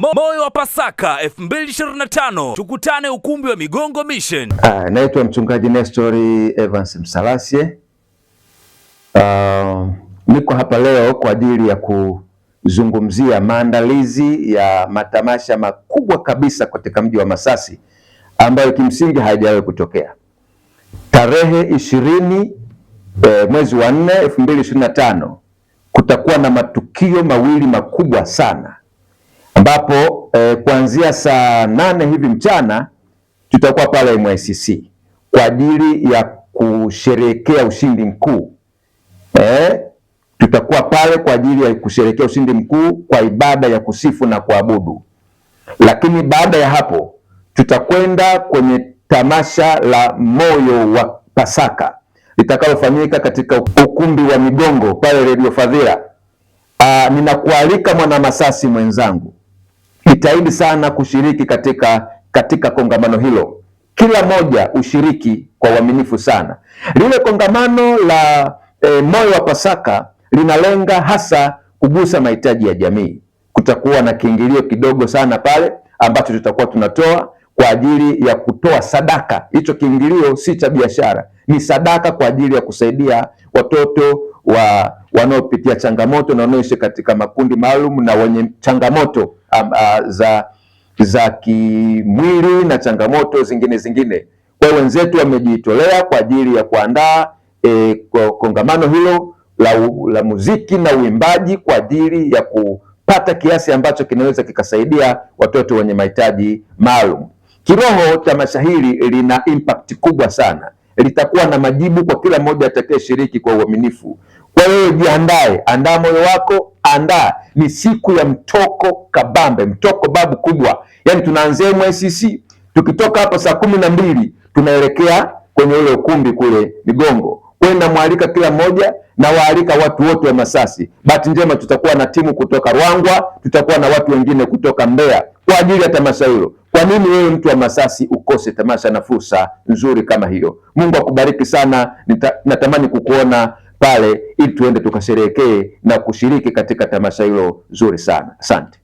moyo wa Pasaka 2025 tukutane ukumbi wa Migongo Mission. Ah, naitwa mchungaji Nestori Evans Msalasye. Uh, ah, niko hapa leo kwa ajili ya kuzungumzia maandalizi ya matamasha makubwa kabisa katika mji wa Masasi ambayo kimsingi haijawahi kutokea. Tarehe ishirini eh, mwezi wa nne 2025 kutakuwa na matukio mawili makubwa sana ambapo eh, kuanzia saa nane hivi mchana tutakuwa pale MICC kwa ajili ya kusherehekea ushindi mkuu eh, tutakuwa pale kwa ajili ya kusherehekea ushindi mkuu kwa ibada ya kusifu na kuabudu, lakini baada ya hapo tutakwenda kwenye tamasha la Moyo wa Pasaka litakalofanyika katika ukumbi wa Migongo pale Radio Fadhila. Ah, ninakualika mwana Masasi mwenzangu jitahidi sana kushiriki katika katika kongamano hilo, kila moja ushiriki kwa uaminifu sana. Lile kongamano la e, moyo wa Pasaka linalenga hasa kugusa mahitaji ya jamii. Kutakuwa na kiingilio kidogo sana pale ambacho tutakuwa tunatoa kwa ajili ya kutoa sadaka. Hicho kiingilio si cha biashara, ni sadaka kwa ajili ya kusaidia watoto wa wanaopitia changamoto na wanaoishi katika makundi maalum na wenye changamoto za, za kimwili na changamoto zingine zingine. Kwa hiyo wenzetu wamejitolea kwa ajili ya kuandaa e, kongamano hilo la, la muziki na uimbaji kwa ajili ya kupata kiasi ambacho kinaweza kikasaidia watoto wenye mahitaji maalum. Kiroho, tamasha hili lina impact kubwa sana, litakuwa na majibu kwa kila mmoja atakayeshiriki kwa uaminifu. Kwa hiyo jiandae, andaa moyo wako, tunaandaa ni siku ya mtoko kabambe, mtoko babu kubwa, yani tunaanzia MCC tukitoka hapo saa kumi na mbili tunaelekea kwenye ule ukumbi kule Migongo. kwenda namwalika kila mmoja na waalika watu wote wa Masasi. Bahati njema tutakuwa na timu kutoka Rwangwa, tutakuwa na watu wengine kutoka Mbeya kwa ajili ya tamasha hilo. Kwa nini wewe mtu wa Masasi ukose tamasha na fursa nzuri kama hiyo? Mungu akubariki sana, natamani kukuona pale, ili tuende tukasherehekee na kushiriki katika tamasha hilo zuri sana. Asante.